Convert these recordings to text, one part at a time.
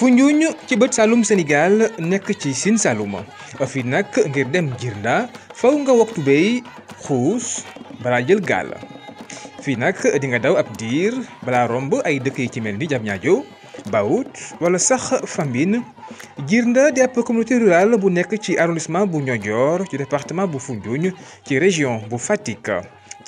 fu ñuñ ci bët salum senegal nekk ci sin saluma fi nak ngir dem girnda faw nga waktu bey xuus bala jël gàll fii nak di nga daw ab diir bala romb ay dëkk yi ci mel ni jam ñaajo baut wala sax famine girnda di ap communauté rurale bu nekk ci arrondissement bu ñojoor ci département bu fundiouñ ci région bu fatik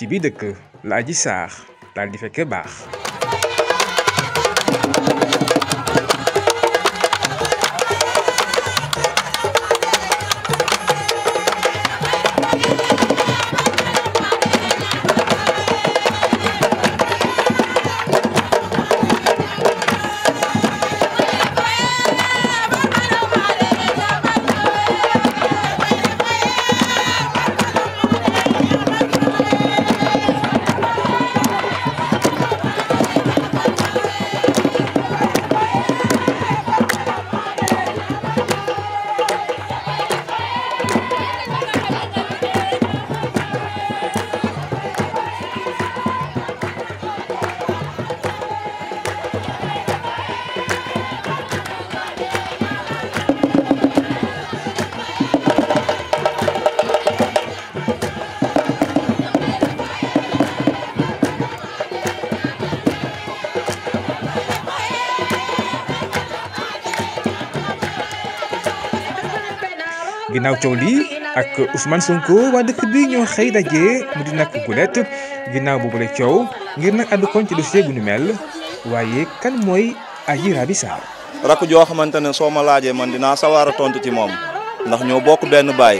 ci bi dëkk laaji saax daal di fekke baax ginnaaw coow lii ak Ousmane Sonko waa dëkk bi ñoo xëy daje mu di nag gulet ginnaaw boobu la coow ngir nag àddu koon ci dossier bu mel waaye kan mooy Adji Raby Sarr rakk joo xamante ne soo ma laajee man dinaa sawar a tontu ci moom ndax ñoo bokk benn baay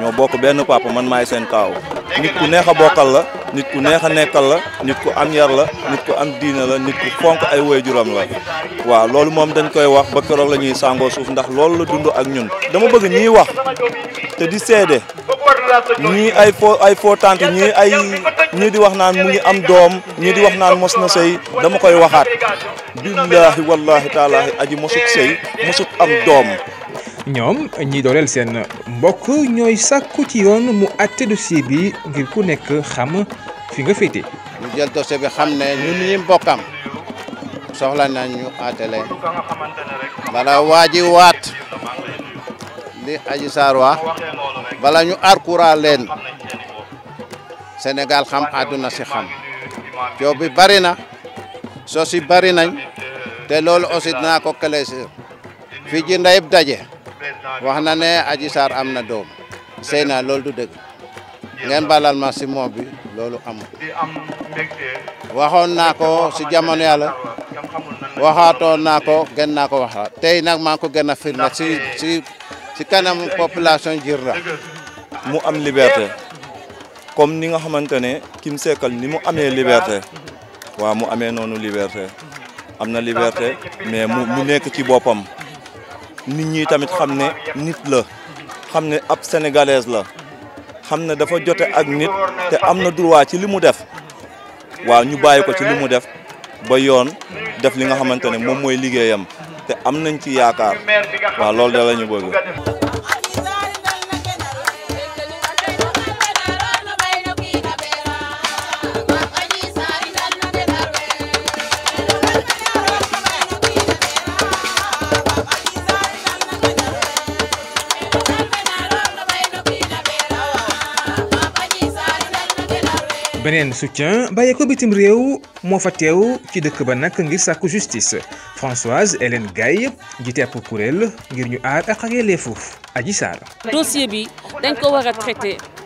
ñoo bokk benn papa man may seen taaw nit ku neex a bokkal la nit ku neex a nekkal la nit ku am yar la nit ku am diina la nit ku fonk ay waajuram la waaw loolu moom dañ koy wax ba keroog la ñuy sàngoo suuf ndax loolu la dund ak ñun dama bëgg ñiy wax te di seede ñii ay fo ay footante ñii ay ñii di wax naan mu ngi am doom ñii di wax naan mos na sëy dama koy waxaat billaahi wallaahi taalaahi aji mosut sëy mosut am doom ñoom ñi seen mbokk ñooy sakk ci yoon mu àtte dossier bi ngir ku nekk xam fi nga féete. ñu jël dossier bi xam ne ñun ñi mbokkam soxla nañ ñu àttale bala waa ji waat li Adji Sarr wax bala ñu arkura Sénégal xam àdduna si xam coow bi na soo si bari te loolu aussi dinaa ko clé fii ji daje wax na ne Adji am na doom sey naa loolu du dëgg ngeen balal ma si moom bi loolu amul waxoon naa ko si jamono yàlla waxaatoon naa ko gën naa ko waxaat tey nag maa ngi ko gën a firnde si si si kanam population Jirna mu am liberté comme ni nga xamante ne Kim Sekal ni mu amee liberte waaw mu amee noonu liberté am na liberte mais mu nekk ci boppam nit ñi tamit xam ne nit la xam ne ab sénégalaise la xam ne dafa jote ak nit te am na droit ci li mu def waaw ñu bàyyi ko ci li mu def ba yoon def li nga xamante ne moom mooy liggéeyam te am nañ ci yaakaar waaw loolu da la ñu bëgg beneen soutien bàyyee ko bitim réew moo fa teew ci dëkk ba nag ngir sàkku justice Françoise Hélène Gaye jiite ab kuréel ngir ñu aar ak ak yelleefu Adji Sarr dossier bi dañ ko war a traité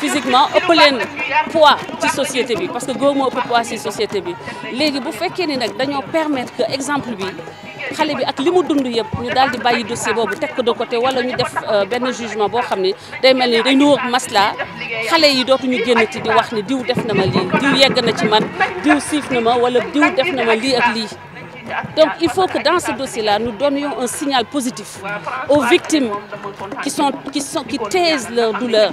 physiquement ëpp leen poids ci société parce que góor moo ëpp poids ci société bi léegi bu fekkee ni nag dañoo permettre que exemple bi xale bi ak li dund ñu dossier boobu teg ko de côté wala ñu def euh, benn jugement boo xam ni day mel ni dañu masla xale yi dootuñu génn ci di wax ni diw def na diw yegg na man diw wala diw Donc il faut que dans ce dossier-là, nous donnions un signal positif aux victimes qui, sont, qui, sont, qui taisent leur douleur,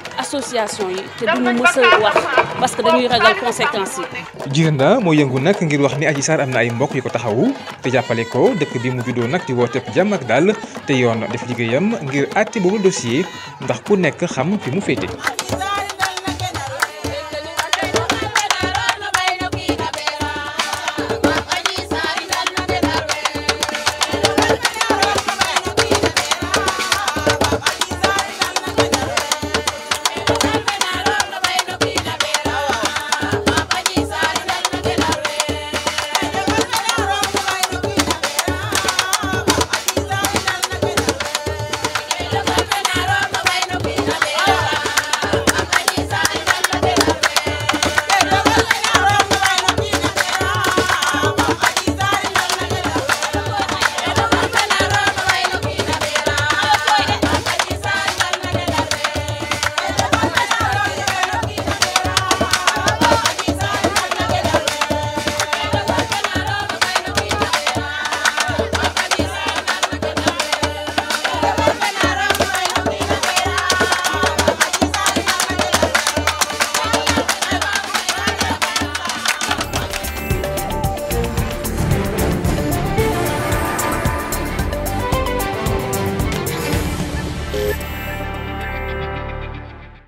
association yi te du ñu mësal wax parce que dañuy ragal conséquences yi. jigéen na moo yëngu nag ngir wax ni aji saar am na ay mbokk yu ko taxawu te jàppale ko dëkk bi mu juddoo nag di wooteeb jàmm ak daal te yoon def liggéeyam ngir àtte boobu dossier ndax ku nekk xam fi mu féete.